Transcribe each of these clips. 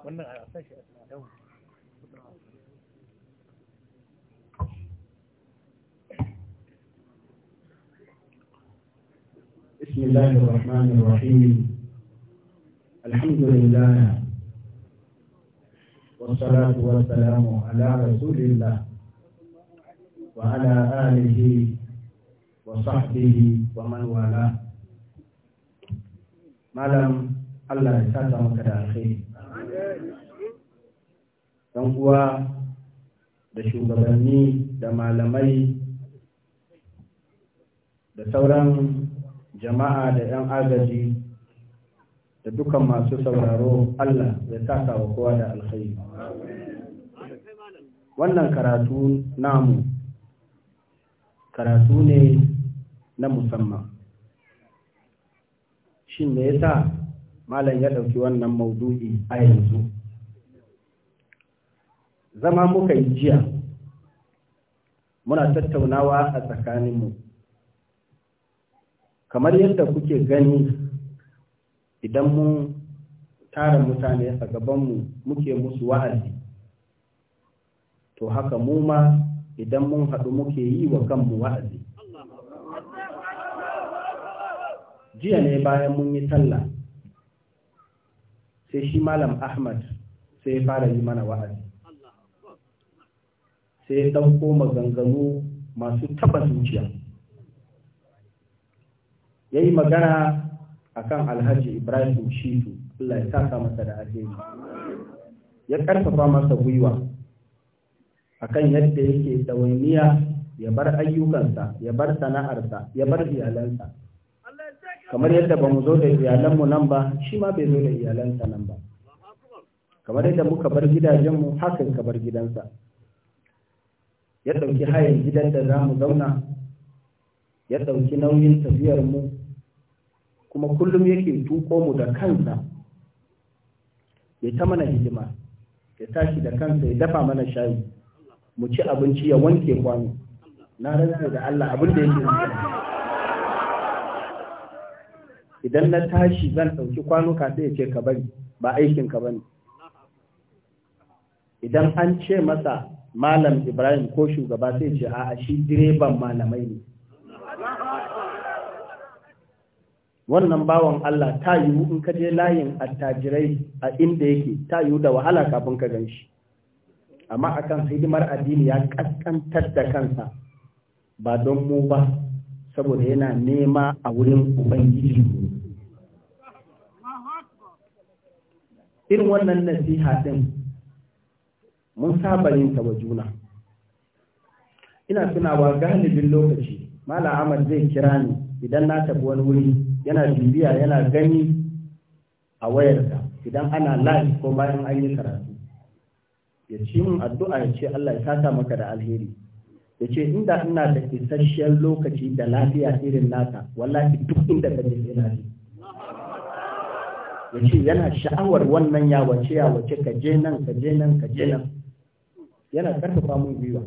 بسم الله الرحمن الرحيم الحمد لله والصلاة والسلام على رسول الله وعلى آله وصحبه ومن والاه ما لم الله saka maka da ɗan uwa da shugabanni da malamai da sauran jama'a da 'yan agaji da dukan masu sauraro Allah ya saka wa kowa da alkhairi. Wannan karatu namu karatu ne na musamman. Shin me yasa malam ya ɗauki wannan maudu'i a yanzu? zama muka yi jiya muna tattaunawa a tsakaninmu kamar yadda kuke gani idan mun tara mutane a gabanmu muke musu wa'azi to haka mu ma idan mun haɗu muke yi wa kanmu wa'azi jiya ne bayan mun yi talla sai shi malam ahmad sai ya fara yi mana wa'azi sai ɗauko maganganu masu taɓa zuciya ya yi magana a kan alhaji ibrahim shitu allah ya saka masa da alheri ya ƙarfafa masa gwiwa a kan yadda yake ɗawainiya ya bar ayyukansa ya bar sana'arsa ya bar iyalansa kamar yadda ba mu zo da iyalanmu nan ba shi ma bai zo da iyalansa nan ba kamar yadda muka bar gidajenmu hakan ka bar gidansa ya ɗauki hayan gidan da za mu zauna ya ɗauki nauyin tafiyar mu kuma kullum yake tuko mu da kansa ya ta mana hidima ya tashi da kansa ya dafa mana shayi mu ci abinci ya wanke kwano na rantse da Allah abin da yake idan na tashi zan ɗauki kwanuka sai ya ce ka bari ba aikin ka bane idan an ce masa malam ibrahim ko shugaba sai ce a shi direban malamai ne wannan bawan Allah ta yiwu in ka je layin attajirai a inda yake ta yiwu da wahala kafin ka gan shi amma akan hidimar addini ya kaskantar da kansa ba don mu ba saboda yana nema a wurin ubangiji irin wannan nasiha din mun saba yin ta wa juna ina tunawa galibin lokaci mala ahmad zai kira ni idan na tafi wani wuri yana bibiya yana gani a wayarka, idan ana live ko bayan an yi karatu ya ci min addu'a ya ce Allah ya sata maka da alheri ya ce inda ina da isasshen lokaci da lafiya irin nata wallahi duk inda ka je ina ne ya ce yana sha'awar wannan yawace yawace ka je nan ka je nan ka je nan yana karfafa mun gwiwa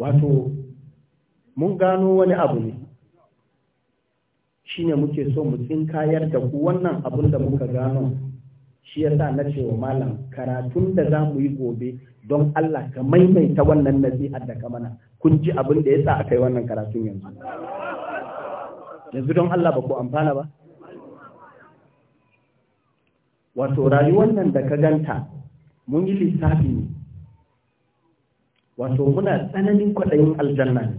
wato mun gano wani abu ne shine muke so mu tsinkayar da ku wannan abun da muka gano shi yasa na ce wa malam karatun da za mu yi gobe don Allah ka maimaita wannan nasi'ar da ka mana kun ji abin da yasa aka yi wannan karatun yanzu yanzu don Allah ba ku amfana ba wato rayuwar nan da ka ganta mun yi lissafi ne wato muna tsananin kwaɗayin aljanna ne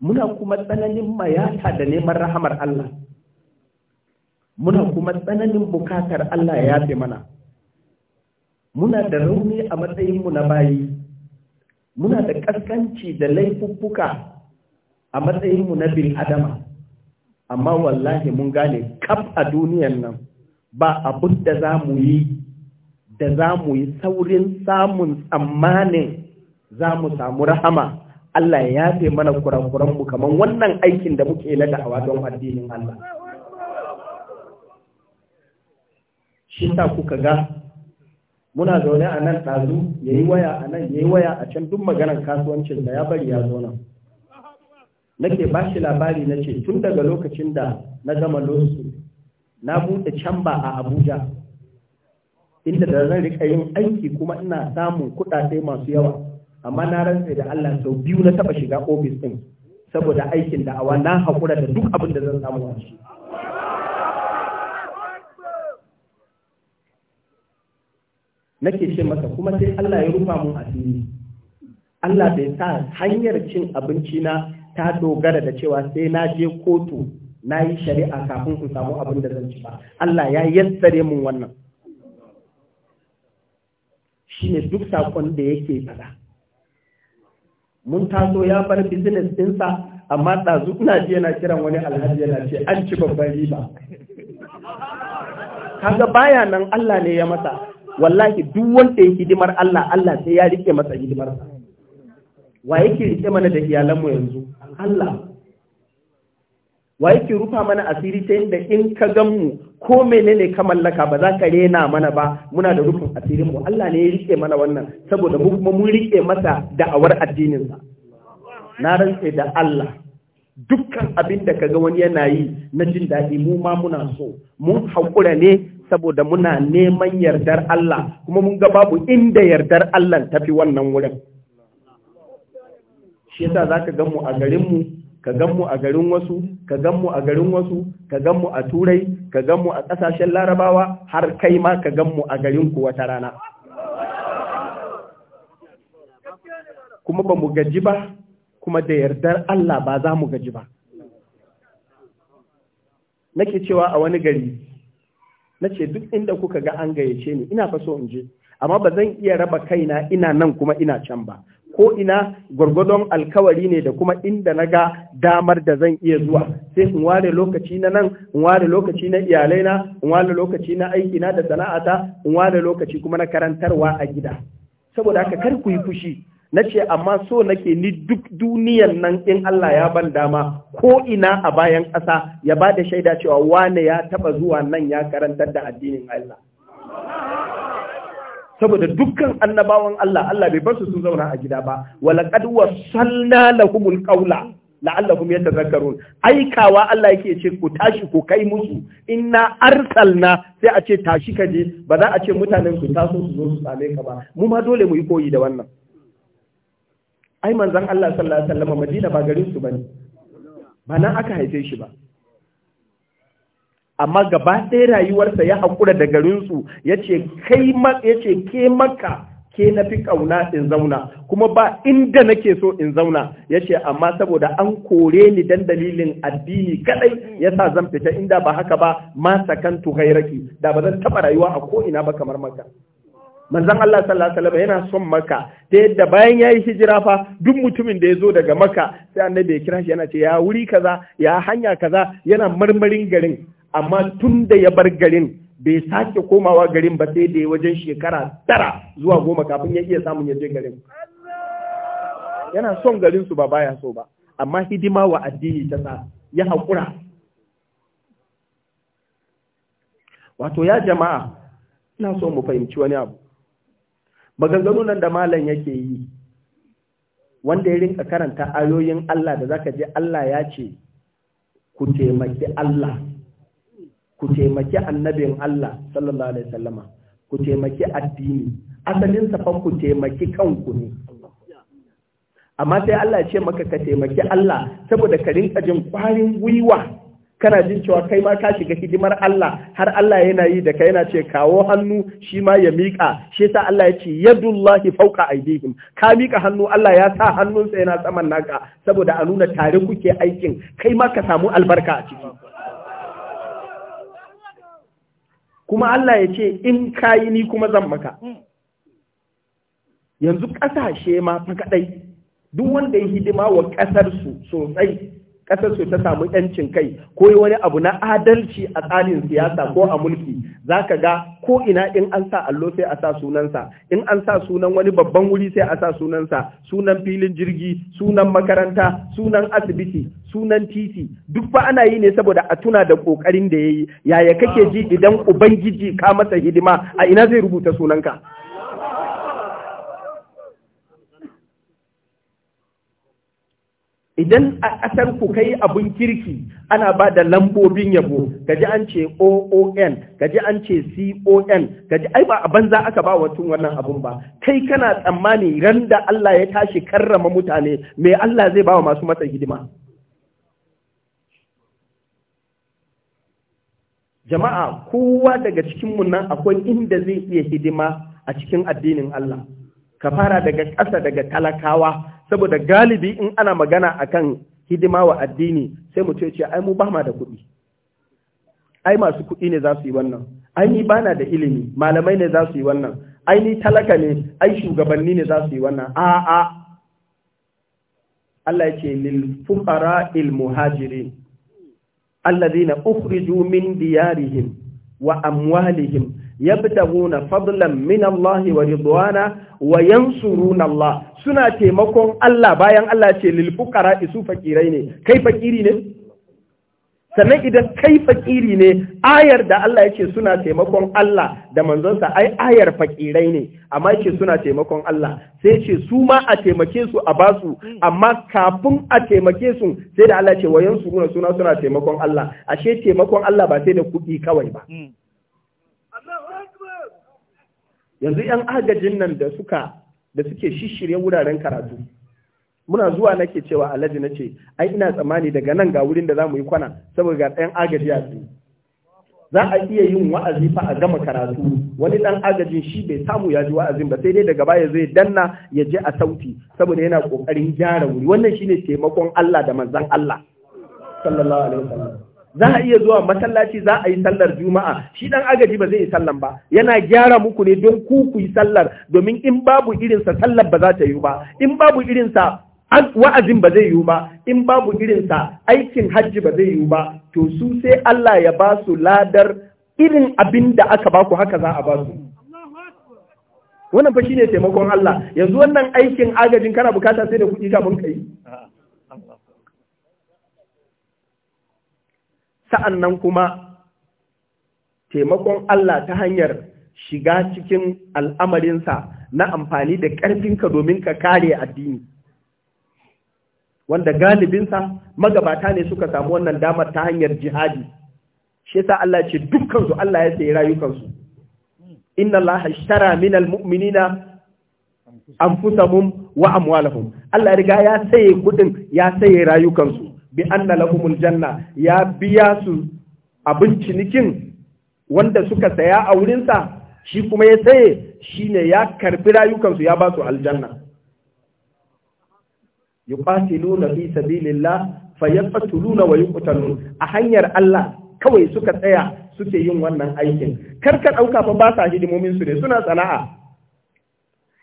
muna kuma tsananin mayata da neman rahamar Allah muna kuma tsananin bukatar Allah ya yafe mana muna da rauni a matsayinmu na bayi muna da ƙasƙanci da laifuffuka a matsayinmu na bin adama amma wallahi mun gane kaf a duniyan nan ba abin da za mu yi da za mu yi saurin samun tsammanin za mu samu rahama Allah ya yafe mana kurakuranmu kamar wannan aikin da muke na da'awa don addinin Allah. Shi ta kuka ga muna zaune a nan ɗazu ya yi waya a nan ya yi waya a can duk maganar kasuwancin da ya bari ya zo nan. Nake ba shi labari na ce tun daga lokacin da na gama losu na buɗe camba a Abuja inda da zan rika yin aiki kuma ina samun kuɗaɗe masu yawa amma na rantse da Allah sau biyu na taɓa shiga ofis ɗin saboda aikin da awa na haƙura da duk abin da zan samu a shi. Nake ce masa kuma sai Allah ya rufa mun asiri. Allah bai sa hanyar cin abinci na ta dogara da cewa sai na je kotu na yi shari'a kafin ku samu abin da zan ci ba. Allah ya yassare mun wannan. shine duk sakon da yake fada mun taso ya bar business ɗinsa, amma ɗazu ina ji yana kiran wani alhaji yana ce an ci babban riba kaga baya nan Allah ne ya masa wallahi duk wanda yake hidimar Allah Allah sai ya rike masa hidimar sa wa yake rike mana da iyalan mu yanzu Allah wa yake rufa mana asiri ta yadda in ka gan mu ko menene ka mallaka ba za ka rena mana ba muna da rufin asirin mu Allah ne ya rike mana wannan saboda mu kuma mun rike masa da'awar addinin sa na rantse da Allah dukkan abin da kaga wani yana yi na jin daɗi mu ma muna so mun haƙura ne saboda muna neman yardar Allah kuma mun ga babu inda yardar Allah tafi wannan wurin shi yasa zaka ga mu a garin mu ka gan mu a garin wasu ka gan mu a garin wasu ka gan a turai ka gan a ƙasashen larabawa har kai ma ka gan a garin ku wata rana kuma ba mu gaji ba kuma da yardar Allah ba za mu gaji ba nake cewa a wani gari na ce duk inda kuka ga an gayyace ni ina fa so in je amma ba zan iya raba kaina ina nan kuma ina can ba ko ina gwargwadon alkawari ne da kuma inda na ga damar da zan iya zuwa sai in ware lokaci na nan in ware lokaci na iyalaina in ware lokaci na aikina da sana'ata in ware lokaci kuma na karantarwa a gida saboda haka kar ku yi fushi na ce amma so nake ni duk duniyan nan in Allah ya ban dama ko ina a bayan ƙasa ya ba da shaida cewa wane ya taɓa zuwa nan ya karantar da addinin Allah. saboda dukkan annabawan Allah Allah bai bar su sun zauna a gida ba qad wasalna lahumul qawla la'allahum yatadhakkarun aikawa Allah yake ce ku tashi ku kai musu inna arsalna sai a ce tashi ka je ba za a ce mutanen ku taso su zo su same ka ba mu ma dole mu yi koyi da wannan ai manzon Allah sallallahu alaihi wasallam Madina ba garin su bane ba nan aka haife shi ba amma gaba ɗaya rayuwarsa ya haƙura da garinsu ya ce ke maka ke na fi ƙauna in zauna kuma ba inda nake so in zauna ya ce amma saboda an kore ni dan dalilin addini kadai ya sa zan fita inda ba haka ba ma sakan tuhairaki, da ba zan taɓa rayuwa a ko ina ba kamar maka manzon Allah sallallahu alaihi yana son maka ta yadda bayan yayi hijira fa duk mutumin da ya zo daga maka sai annabi ya kira shi yana ce ya wuri kaza ya hanya kaza yana marmarin garin amma tun da ya bar garin bai sake komawa garin ba sai da ya wajen shekara tara zuwa goma kafin ya iya samun ya je garin yana son garin su ba baya so ba amma hidima wa addini ta sa ya haƙura wato ya jama'a ina so mu fahimci wani abu maganganu nan da malam yake yi wanda ya rinka karanta ayoyin Allah da za ka je Allah ya ce ku taimaki Allah ku taimaki annabin Allah sallallahu alaihi wasallama ku taimaki addini asalin sa taimaki kanku ne amma sai Allah ya ce maka ka taimaki Allah saboda ka rinka jin kwarin gwiwa kana jin cewa kai ma ka shiga hidimar Allah har Allah yana yi da kai yana ce kawo hannu shi ma ya miƙa shi yasa Allah ya ce yadullahi fawqa aydihim ka miƙa hannu Allah ya sa hannunsa yana saman naka saboda a nuna tare kuke aikin kai ma ka samu albarka a ciki kuma hmm. Allah ya ce in kayi ni kuma zan maka hmm. yanzu ƙasashe ma fa kaɗai duk wanda ya hidima wa ƙasarsu sosai ƙasar su ta samu yancin kai ko wani abu na adalci a tsarin siyasa ko a mulki za ka ga ko ina in an sa allo sai a sa sunansa in an sa sunan wani babban wuri sai a sa sunansa sunan filin jirgi sunan makaranta sunan asibiti sunan titi duk ba ana yi ne saboda a tuna da ƙoƙarin da ya yi yaya kake ji idan ubangiji ka masa hidima a ina zai rubuta sunanka idan a ƙasar ku kai abun kirki ana ba da lambobin yabo gaji an ce oon gaji an ce con gaji ai ba a banza aka ba wa wannan abun ba kai kana tsammani ran da Allah ya tashi karrama mutane me Allah zai ba wa masu masa hidima jama'a kowa daga cikinmu nan akwai inda zai iya hidima a cikin addinin Allah ka fara daga ƙasa daga talakawa saboda galibi in ana magana akan hidima wa addini sai mu ce ai mu ba ma da kuɗi ai masu kuɗi ne za su yi wannan ai ni bana da ilimi malamai ne za su yi wannan ai ni talaka ne ai shugabanni ne za su yi wannan a a Allah ya ce lil fuqara il muhajirin alladhina ukhriju min diyarihim wa amwalihim yabtaguna fadlan min Allah wa ridwana wa yansuruna Allah suna taimakon Allah bayan Allah ce lil fuqara isu fakirai ne kai fakiri ne sannan idan kai fakiri ne ayar da Allah yake suna taimakon Allah da manzonsa ai ayar fakirai ne amma yake suna taimakon Allah sai ce su ma a taimake su a basu amma kafin a taimake su sai da Allah ce wayan su suna suna taimakon Allah ashe taimakon Allah ba sai da kuɗi kawai ba mm. yanzu yan agajin nan da suka da suke shishirye wuraren karatu muna zuwa nake cewa alhaji na ce ai ina tsammani daga nan ga wurin da za mu yi kwana saboda ga ɗayan agaji a za a iya yin wa'azi fa a gama karatu wani ɗan agajin shi bai samu ya ji wa'azin ba sai dai daga baya zai danna ya je a sauti saboda yana ƙoƙarin gyara wuri wannan shine taimakon Allah da manzon Allah sallallahu alaihi wasallam za a iya zuwa masallaci za a yi sallar juma'a shi dan agaji ba zai yi sallan ba yana gyara muku ne don ku ku yi sallar domin in babu irinsa sallar ba za ta yi ba in babu irinsa wa'azin ba zai yi ba in babu irinsa aikin hajji ba zai yi ba to su sai Allah ya ba su ladar irin abin da aka ba ku haka za a ba su wannan fa shine taimakon Allah yanzu wannan aikin agajin kana bukata sai da kuɗi kafin ka yi sa'annan kuma taimakon Allah ta hanyar shiga cikin al'amarinsa na amfani da ƙarfinka domin ka kare addini wanda galibinsa magabata ne suka samu wannan damar ta hanyar jihadi shi sa Allah ce dukkansu Allah ya sayi rayukansu inna Allah min na an anfusahum mun wa’amwalahun. Allah riga ya saye kudin ya saye rayukansu bi anna lahumul janna ya biya su abin cinikin wanda suka saya a wurinsa shi kuma ya saye shine ya karbi rayukansu ya ba su aljanna yuqatiluna fi sabilillah fayaqtuluna wa yuqtalun a hanyar Allah kawai suka tsaya suke yin wannan aikin kar ka dauka fa ba sa hidimomin su ne suna sana'a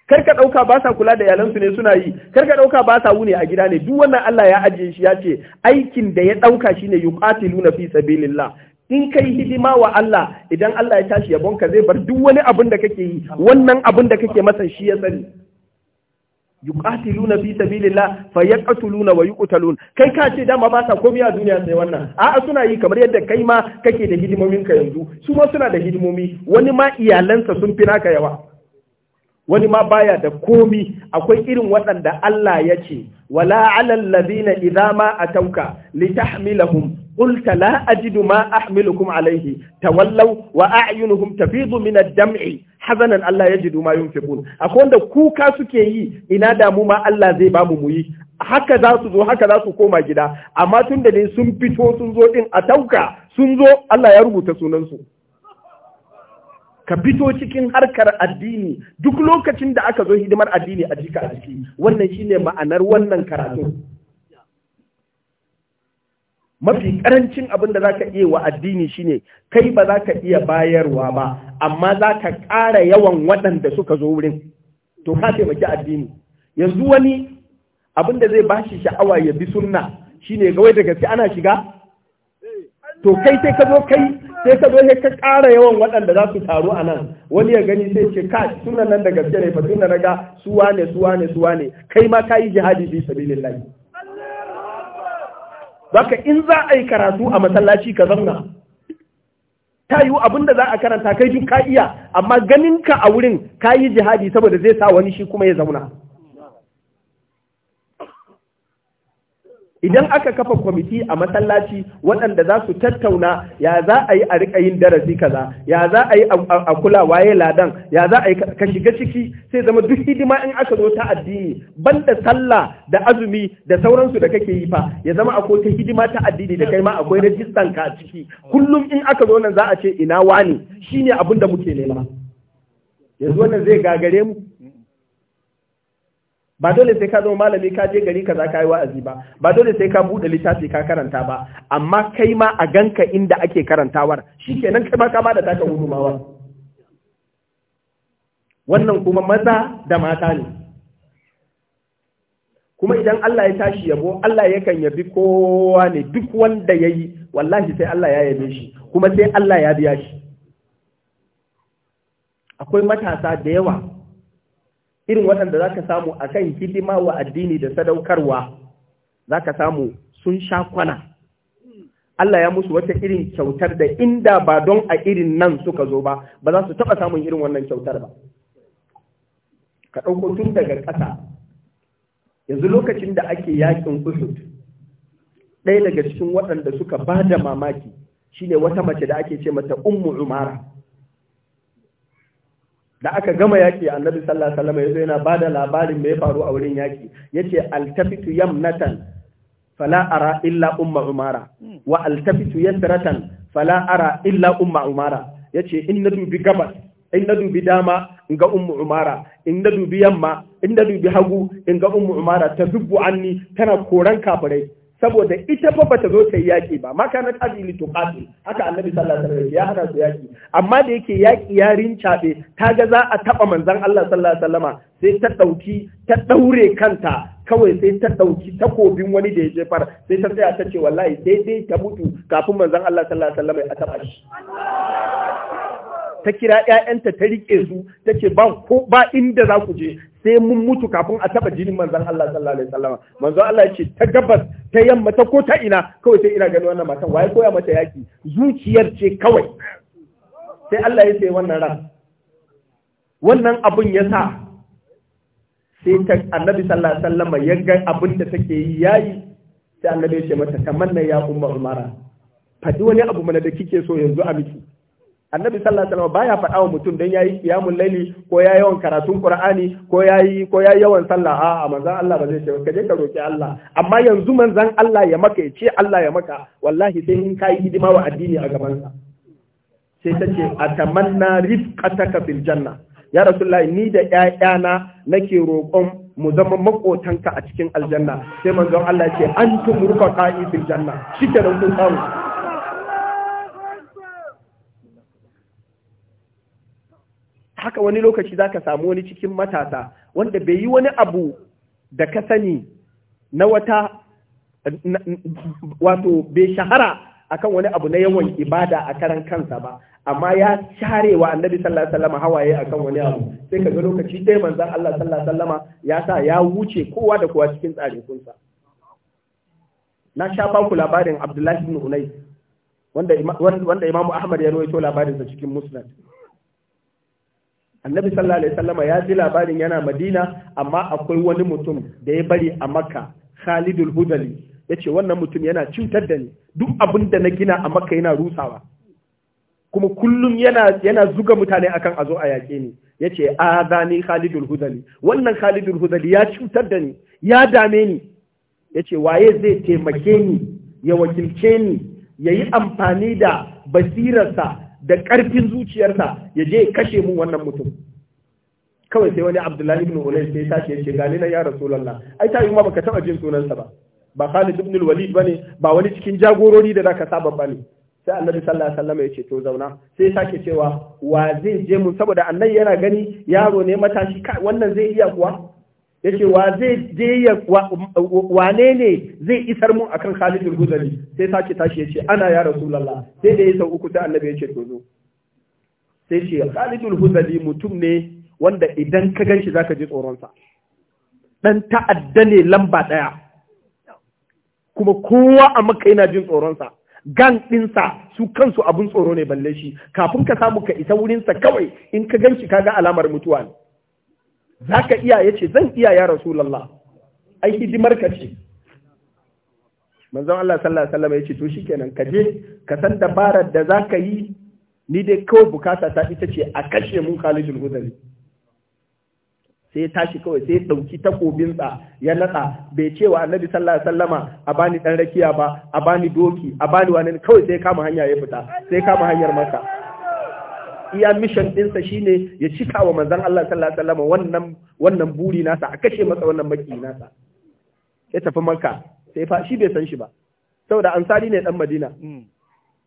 kar ka ɗauka ba sa kula da iyalansu ne suna yi kar ka ɗauka ba sa wune a gida ne duk wannan Allah ya ajiye shi ya ce aikin da ya ɗauka shine yuqatiluna fi sabilillah in kai hidima wa Allah idan Allah ya tashi ka zai bar duk wani abin da kake yi wannan abin da kake masa shi ya sani yuqatiluna fi sabilillah fayaqtuluna wa yuqtalun kai ka ce dama ba sa komai a duniya sai wannan a'a suna yi kamar yadda kai ma kake da hidimomin ka yanzu su ma suna da hidimomi wani ma iyalansa sun fi naka yawa wani ma baya da komi akwai irin waɗanda Allah ya ce wala alal ladina idza ma atauka litahmilahum qulta la ajidu ma ahmilukum alayhi tawallaw wa a'yunuhum tafidu min ad-dam'i hazanan Allah yajidu ma yunfiqun akwai wanda kuka suke yi ina da mu ma Allah zai babu mu yi haka za su zo haka za su koma gida amma tun da dai sun fito sun zo din atauka sun zo Allah ya rubuta sunansu. ka fito cikin harkar addini duk lokacin da aka zo hidimar addini a jika a ciki wannan shine ma'anar wannan karatu mafi karancin abin da zaka iya wa addini shine kai ba za ka iya bayarwa ba amma za ka ƙara yawan waɗanda suka zo wurin to ka taimaki addini yanzu wani abin da zai bashi sha'awa ya bi sunna shine ga wai da gaske ana shiga to kai sai ka zo kai sai ka zo ka ƙara yawan waɗanda za su taru a nan wani ya gani sai ce ka suna nan da gaske ne fa tunda na ga suwa ne suwa ne suwa ne kai ma ka yi jihadi bi sabilillahi baka in za a yi karatu a masallaci ka zauna ta yiwu abin da za a karanta kai duk ka iya amma ganin ka a wurin ka yi jihadi saboda zai sa wani shi kuma ya zauna idan aka kafa kwamiti a masallaci waɗanda za su tattauna ya za a yi a riƙa yin darasi kaza ya za a yi a kula waye ladan ya za a yi ka shiga ciki sai zama duk hidima in aka zo ta addini da sallah da azumi da sauransu da kake yi fa ya zama akwai ta hidima ta addini da kai ma akwai rajistan ka a ciki kullum in aka zo nan za a ce ina wani shine abin da muke nema yanzu wannan zai gagare mu ba dole sai ka zama malami ka je gari kaza ka yi wa'azi ba ba dole sai ka buɗe littafi ka karanta ba amma kai ma a ganka inda ake karantawar shikenan kai ma ka da taka gudumawar wannan kuma maza da mata ne kuma idan Allah ya tashi yabo Allah yakan yabi kowa ne duk wanda ya yi wallahi sai Allah ya yabe shi kuma sai Allah ya biya shi akwai matasa da yawa irin waɗanda za ka samu a kan hidima wa addini da sadaukarwa za ka samu sun sha kwana Allah ya musu wata irin kyautar da inda ba don a irin nan suka zo ba ba za su taɓa samun irin wannan kyautar ba ka ɗauko tun daga ƙasa yanzu lokacin da ake yakin usud ɗaya daga cikin waɗanda suka ba da mamaki shine wata mace da ake ce mata ummu umara da aka gama yaki annabi sallallahu alaihi wasallam yazo yana bada labarin me ya faru a wurin yaki yace altafitu yamnatan fala ara illa umma umara wa altafitu yasratan fala ara illa umma umara yace in na dubi gaba in na dubi dama in ga ummu umara in na dubi yamma in na dubi hagu in ga ummu umara ta dubbu anni tana koran kafirai saboda ita fa bata zo ta yi yaƙi ba ma kana azili to qatil haka annabi sallallahu alaihi wasallam ya hana su yaƙi amma da yake yaƙi ya rincaɓe ta ga za a taɓa manzon Allah sallallahu alaihi wasallama sai ta ɗauki ta ɗaure kanta kawai sai ta ɗauki takobin wani da ya jefar sai ta tsaya ta ce wallahi sai dai ta mutu kafin manzon Allah sallallahu alaihi wasallama ya taɓa shi ta kira ƴaƴanta ta riƙe su take ba ko ba inda za ku je sai mun mutu kafin a taɓa jinin manzan Allah sallallahu alaihi wasallam manzon Allah ya ce ta gabas ta yamma ta ko ta ina kawai sai ina gani wannan matan waye koya mata yaki zuciyar ce kawai sai Allah ya ce wannan ran wannan abun ya sa sai ta annabi sallallahu alaihi wasallam ya ga abin da take yi yayi sai annabi ya ce mata tamanna ya umma umara fadi wani abu mana da kike so yanzu a miki annabi sallallahu alaihi wasallam baya faɗawa mutum dan yayi qiyamul laili ko ya yawan karatun qur'ani ko yayi ko ya yawan sallah a manzon Allah ba zai ce ka je ka roki Allah amma yanzu manzon Allah ya maka ya ce Allah ya maka wallahi sai in kai hidima wa addini a gaban sa sai ta ce atamanna rifqataka fil janna ya rasulullahi ni da ƴaƴana nake roƙon mu zama makotanka a cikin aljanna sai manzon Allah ya ce antum rufaqa'i fil janna shikenan kun samu haka wani lokaci za ka samu wani cikin matasa wanda bai yi wani abu da ka sani na wata wato bai shahara akan wani abu na yawan ibada a karan kansa ba amma ya share wa annabi sallallahu alaihi wasallam hawaye akan wani abu sai kaga lokaci dai manzo Allah sallallahu alaihi wasallam ya sa ya wuce kowa da kowa cikin tsarin kunsa na sha ba ku labarin Abdullahi ibn Unais wanda wanda Imam Ahmad ya rawaito labarin sa cikin Musnad annabi sallallahu alaihi sallama ya ji labarin yana madina amma akwai wani mutum da ya bari a makka khalidul hudali ya ce wannan mutum yana cutar da ni duk abin da na gina a makka yana rusawa kuma kullum yana yana zuga mutane akan azo a yaƙe ni ya ce azani khalidul hudali wannan khalidul hudali ya cutar da ni ya dame ni ya ce waye zai taimake ni ya wakilce ni ya yi amfani da basirarsa da ƙarfin zuciyarsa ya je kashe mun wannan mutum kawai sai wani abdullahi ibn ulay sai ta ya ce gani na ya rasulullah ai ta yi ma baka taba jin sunansa ba ba Khalid ibn walid ba ne, ba wani cikin jagorori da zaka saba bane sai Annabi sallallahu alaihi wasallam ya ce to zauna sai ya sake cewa wa zai je mun saboda Annabi yana gani yaro ne matashi wannan zai iya kuwa ya ce wa zai je ya wane ne zai isar mun akan Khalidul Huzali sai sake tashi ya ce ana ya Rasulullah sai da ya sau uku sai annabi ya ce to zo sai ce Khalidul Huzali mutum ne wanda idan ka ganshi zaka ji tsoronsa dan ta'adda ne lamba daya kuma kowa a maka yana jin tsoronsa din ɗinsa su kansu abun tsoro ne balle shi kafin ka samu ka isa wurin sa kawai in ka ganshi kaga alamar mutuwa ne za ka iya ya ce zan iya ya rasulallah ai hidimar ka ce manzon Allah sallallahu alaihi wasallam ya ce to shikenan ka je ka san dabarar da za ka yi ni dai kawai bukata ta ita ce a kashe mun Khalidul Hudari sai ya tashi kawai sai ya takobin sa ya natsa bai ce annabi sallallahu alaihi wasallama a bani dan rakiya ba a bani doki a bani wani kawai sai ya kama hanya ya fita sai kama hanyar maka iya mission ɗinsa shine ya cika wa manzon Allah sallallahu alaihi wasallam wannan wannan buri nasa a kashe masa wannan maki nasa ya tafi Makka sai fa shi bai san shi ba saboda ansari ne dan Madina hmm.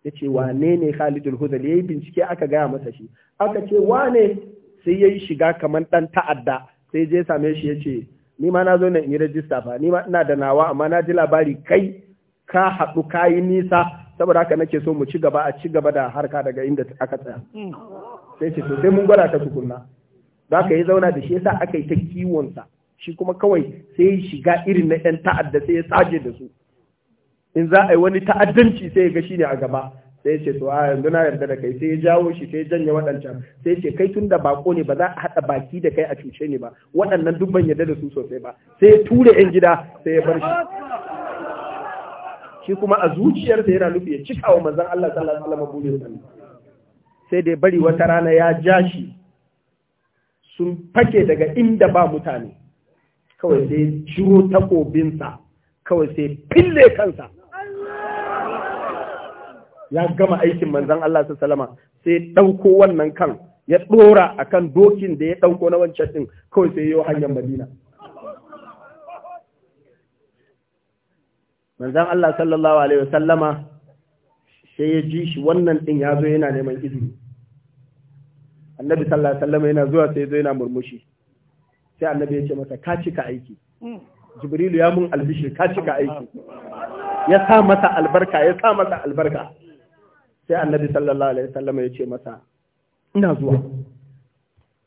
ya ce wane ne Khalidul hudali yayi bincike aka gaya masa shi aka ce wane sai yayi shiga kaman dan ta'adda sai je same shi yace ce ni ma na zo na in yi rajista fa ni ma ina da nawa amma na ji labari kai ka haɗu kayi nisa saboda haka nake so mu ci gaba a ci gaba da harka daga inda aka tsaya hmm. sai ce to mun gwada ta tukunna za ka yi zauna da shi yasa aka yi ta kiwonsa shi kuma kawai sai ya shiga irin na yan ta'adda sai ya tsaje da su in za a yi wani ta'addanci sai ya ga shi ne a gaba sai ce to a yanzu na yarda da kai sai ya jawo shi sai ya janye waɗancan sai ce kai tun da bako ne ba za a haɗa baki da kai a cuce ne ba waɗannan duk ban yarda da su sosai ba sai ya tura yan gida sai ya bar shi shi kuma a zuciyarsa yana nufi ya cika wa manzan Allah sallallahu alaihi wasallam burin sai dai bari wata rana ya ja shi sun fake daga inda ba mutane kawai sai ciro takobinsa kawai sai fille kansa ya gama aikin manzan Allah sallallahu alaihi wasallam sai ɗauko wannan kan ya ɗora akan dokin da ya ɗauko na wancan ɗin kawai sai yi hanyar madina manzan Allah sallallahu Alaihi wasallama sai ya ji shi wannan ɗin ya zo yana neman izini annabi sallallahu Alaihi wasallama yana zuwa sai zo yana murmushi sai annabi ya ce masa ka cika aiki hmm. jibrilu ya mun albishir ka cika aiki ya sa masa albarka ya sa masa albarka sai annabi sallallahu Alaihi wasallama ya ce masa ina zuwa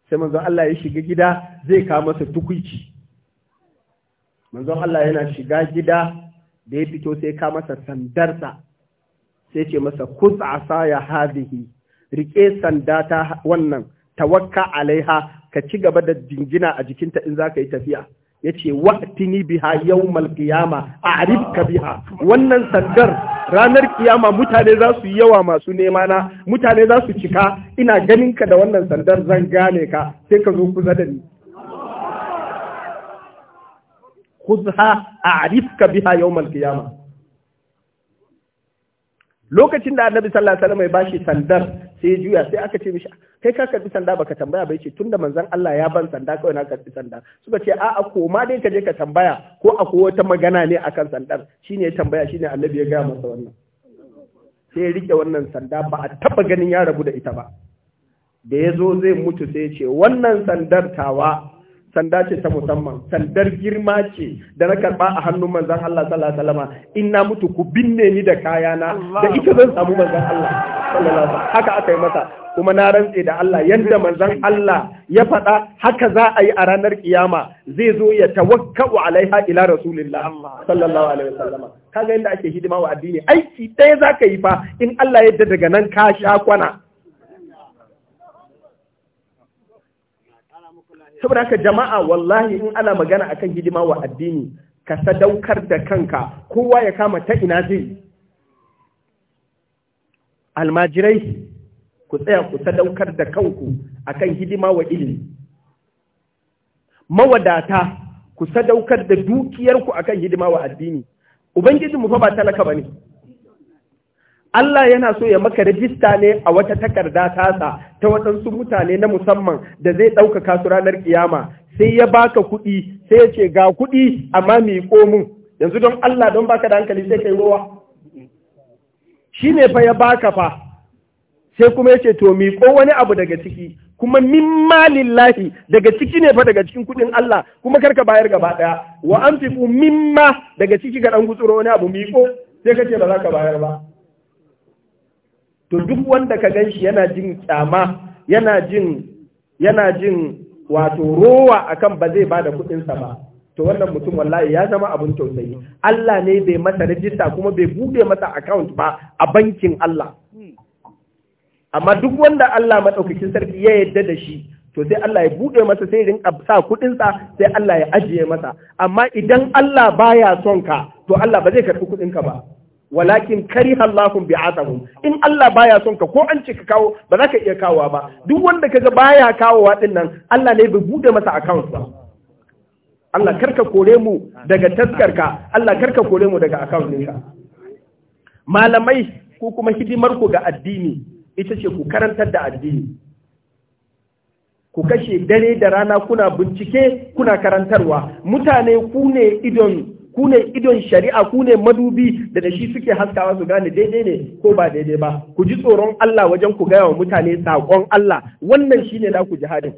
sai manzon Allah ya shiga gida zai kawo masa tukuici manzon Allah yana shiga gida da ya fito sai ka masa sandarsa sai ce masa sa ya hadhihi rike sanda ta wannan tawakka alaiha ka ci gaba da jingina a jikinta in za ka yi tafiya Ya yace wa'tini biha yawmal qiyama a'rifka biha wannan sandar ranar kiyama mutane za su yi yawa masu nema na mutane za su cika ina ganinka da wannan sandar zan gane ka sai ka zo kusa da ni خذها a'rifka biha يوم qiyama lokacin da annabi sallallahu alaihi wasallam ya bashi sandar sai ya juya sai aka ce mishi kai ka karbi sanda baka tambaya bai ce tunda manzon Allah ya ban sanda kawai na karbi sanda suka ce a'a ko ma dai ka je ka tambaya ko akwai wata magana ne akan sandar shine ya tambaya shine annabi ya gaya masa wannan sai ya rike wannan sanda ba a taba ganin ya rabu da ita ba da ya zo zai mutu sai ya ce wannan sandar tawa sanda ce ta musamman sandar girma ce da na karba a hannun manzan Allah sallallahu alaihi wasallam in na mutu ku binne ni da kayana da ita zan samu manzan Allah sallallahu alaihi haka aka yi masa kuma na rantse da Allah yadda manzan Allah ya faɗa haka za a yi a ranar kiyama zai zo ya tawakka'u alaiha ila rasulillah sallallahu alaihi wasallam kaga yadda ake hidima wa addini aiki ɗaya zaka yi fa in Allah yadda daga nan ka sha kwana saboda haka jama'a wallahi in ana magana akan hidima wa addini ka sadaukar da kanka kowa ya kama ta ina zai almajirai ku tsaya ku sadaukar da kanku akan hidima wa ilimi mawadata ku sadaukar da dukiyarku akan hidima wa addini mu fa ba talaka bane Allah yana so ya maka rajista ne a wata takarda tasa ta waɗansu mutane na musamman da zai ɗaukaka su ranar ƙiyama, sai ya baka kuɗi sai ya ce ga kuɗi amma mai komin yanzu don Allah don baka da hankali sai kai rowa shi ne fa ya baka fa sai kuma ya ce to miko wani abu daga ciki kuma mimma lillahi daga ciki ne fa daga cikin kuɗin Allah kuma karka bayar gaba ɗaya wa an fi mimma daga ciki ga ɗan gutsuro wani abu miko? sai ka ce ba za ka bayar ba to duk wanda ka gan shi yana jin kyama yana jin yana jin wato rowa akan ba zai bada kuɗinsa ba to wannan mutum wallahi ya zama abin tausayi Allah ne bai masa rajista kuma bai bude masa account ba a bankin Allah amma duk wanda Allah madaukakin sarki ya yadda da shi to sai Allah ya bude masa sai rinka sa kuɗinsa sai Allah ya ajiye masa amma idan Allah baya son ka to Allah ba zai karɓi kuɗinka ba walakin kariha bi bi'athahum in Allah baya son ka ko an ce ka kawo ba za ka iya kawowa ba duk wanda kaga baya kawowa din nan Allah ne bai bude masa account ba Allah karka kore mu daga taskarka Allah karka kore mu daga account ɗinka malamai ko kuma hidimar ku ga addini ita ce ku karantar da addini ku kashe dare da rana kuna bincike kuna karantarwa mutane ku ne idon ku ne idon shari'a ku ne madubi da da shi suke haskawa su gane daidai ne ko ba daidai ba ku ji tsoron Allah wajen ku gaya wa mutane saƙon Allah wannan shi ne ku jihadin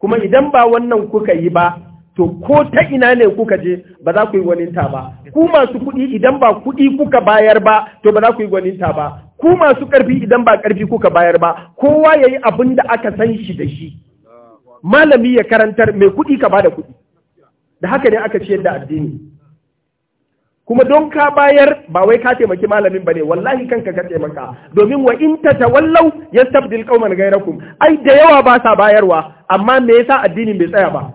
kuma idan ba wannan kuka yi ba to ko ta ina ne kuka je ba za ku yi gwaninta ba ku masu kuɗi idan ba kuɗi kuka bayar ba to ba za ku yi gwaninta ba ku masu ƙarfi idan ba ƙarfi kuka bayar ba kowa ya yi abin da aka san shi da shi malami ya karantar mai kuɗi ka bada kuɗi da haka ne aka ciyar da addini kuma don ka bayar ba wai ka taimaki malamin ba ne? wallahi kanka ka taimaka domin wa in tatawallau yastabdil qauman ghayrakum ai da yawa ba sa bayarwa amma me yasa addinin bai tsaya ba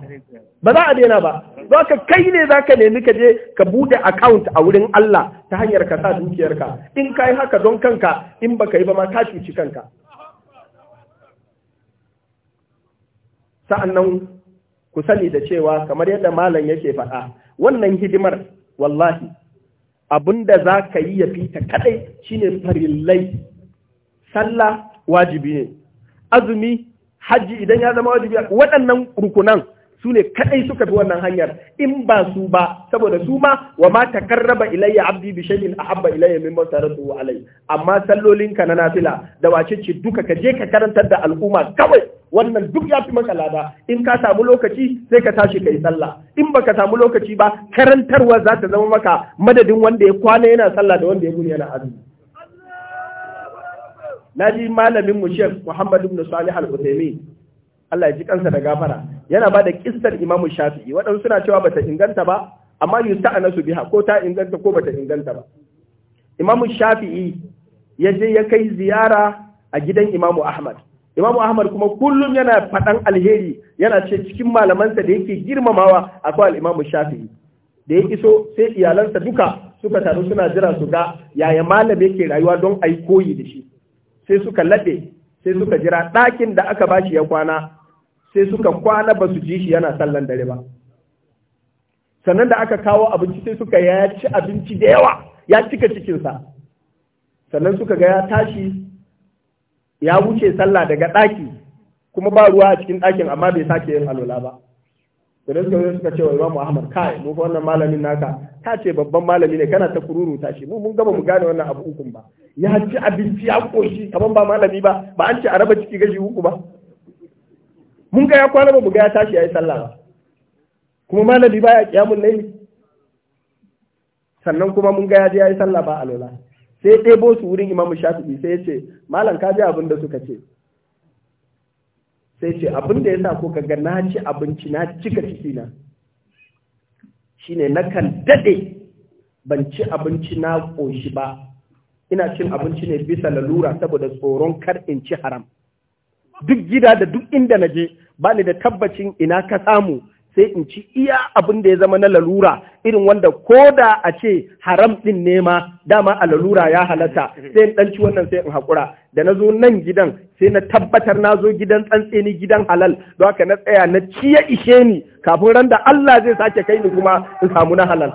ba za a daina ba za ka kai ne za ka nemi ka je ka bude account a wurin Allah ta hanyar ka sa dukiyarka in ka yi haka don kanka in baka yi ba ma ka cuci kanka sa'annan ku sani da cewa kamar yadda malam yake faɗa wannan hidimar wallahi da za ka yi ya fi fita kadai shine farillai sallah wajibi ne azumi hajji idan ya zama wajibi waɗannan rukunan su ne kadai suka fi wannan hanyar in ba su ba saboda su ma wa ma karraba ilayya abdi bi shay'in ahabba ilayya mimma wa alai amma sallolinka na nafila da wace ce duka ka je ka karantar da al'umma kawai wannan duk ya fi maka lada in ka samu lokaci sai ka tashi ka yi sallah in baka samu lokaci ba karantarwa za ta zama maka madadin wanda ya kwana yana sallah da wanda ya gudu yana azumi na ji malamin mu shek Muhammad ibn Salih al-Uthaymeen Allah ya ji kansa da gafara yana ba da kissar Imam Shafi'i waɗansu suna cewa bata inganta ba amma su biha ko ta inganta ko bata inganta ba Imam Shafi'i ya je ya kai ziyara a gidan Imamu Ahmad imamu ahmad kuma kullum yana faɗan alheri yana ce cikin malamansa da yake girmamawa akwai al'imamu shafi'i da ya iso sai iyalansa duka suka taru suna jira su ga yaya malami yake rayuwa don a koyi da shi sai suka laɗe sai suka jira ɗakin da aka bashi ya kwana sai suka kwana ba su ji shi yana sallan dare ba sannan da aka kawo abinci sai suka ya ci abinci da yawa ya cika cikinsa sannan suka ga ya tashi ya wuce sallah daga ɗaki kuma ba ruwa a cikin ɗakin amma bai sake yin alola ba da suka zo suka ce wa Imam Ahmad kai mu wannan malamin naka Ta ce babban malami ne kana ta ta shi mu mun gaba mu gane wannan abu hukun ba ya ci abinci ya koshi kaman ba malami ba ba an ce a raba ciki gashi uku ba mun ga ya kwana ba mu ga ya tashi yayi sallah ba kuma malami baya kiyamun layli sannan kuma mun ga ya je yayi sallah ba alola sai ɗebo su wurin imamu shafi'i sai ce malam ka ji abin da suka ce sai ce abin da ya sa ko ga na ci abinci na cika Shi ne na kan daɗe ban ci abinci na ƙoshi ba ina cin abinci ne bisa lalura saboda tsoron kar in ci haram duk gida da duk inda na je ba ni da tabbacin ina ka samu sai in ci iya abin da ya zama na lalura irin wanda ko da a ce haram din nema dama a lalura ya halatta sai in ɗanci wannan sai in haƙura da na zo nan gidan sai na tabbatar na zo gidan tsantseni gidan halal don haka na tsaya na ci ya ishe ni kafin ran da Allah zai sake kai ni kuma in samu na halal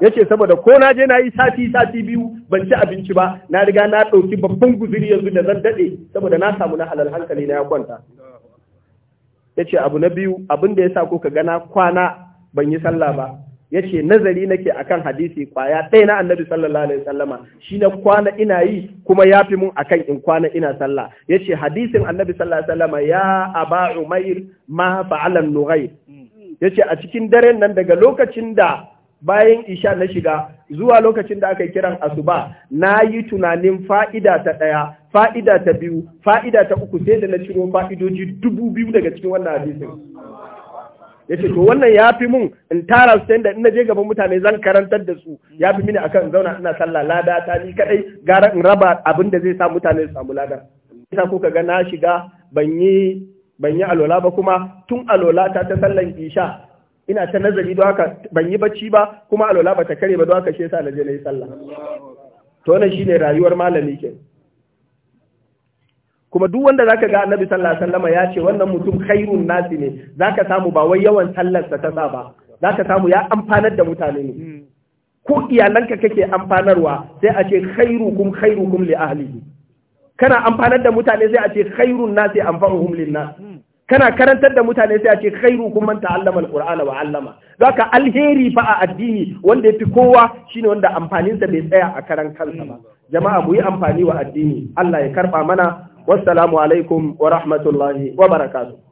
ya saboda ko na je na yi sati sati biyu ban ci abinci ba na riga na ɗauki babban guzuri yanzu da zan daɗe saboda na samu na halal hankali na ya kwanta. yace abu na biyu abin da ya yasa kuka gana kwana ban yi sallah ba yace nazari nake akan hadisi kwaya ɗaya na annabi sallallahu alaihi wasallama shi na kwana ina yi kuma ya fi mun akan in kwana ina sallah yace hadisin annabi sallallahu alaihi wasallama ya aba umair ma fa'alan ya mm. yace a cikin daren nan daga lokacin da bayan isha na shiga zuwa lokacin da aka kiran asuba na yi tunanin fa'ida ta ɗaya fa'ida ta biyu fa'ida ta uku sai da na ciro fa'idoji dubu biyu daga cikin wannan hadisin ya ce to wannan ya fi mun in tara su da ina je gaban mutane zan karantar da su ya fi mini akan zauna ina sallah lada ta ni kadai gara in raba abin da zai sa mutane su samu lada ina kuka ga na shiga ban yi ban yi alola ba kuma tun alola ta ta sallan isha ina ta nazari don haka ban yi bacci ba kuma alola ba ta kare ba don haka shi yasa na je na yi sallah to wannan shine rayuwar malami ke kuma duk wanda zaka ga annabi sallallahu alaihi wasallam ya ce wannan mutum khairun nasi ne zaka samu ba wai yawan sallarsa ta sa ba zaka samu ya amfanar da mutane ne hmm. ko iyalanka kake amfanarwa sai a ce khairukum khairukum li ahlihi kana amfanar da mutane sai a ce khairun nasi anfa'uhum lin nas hmm. kana karantar da mutane sai a ce khairu kun man ta'allama alqur'ana wa 'allama zaka alheri fa a addini wanda yafi kowa shine wanda amfanin sa bai tsaya a karan kansa ba jama'a mu yi amfani wa addini Allah ya karba mana wassalamu alaikum wa rahmatullahi wa barakatuh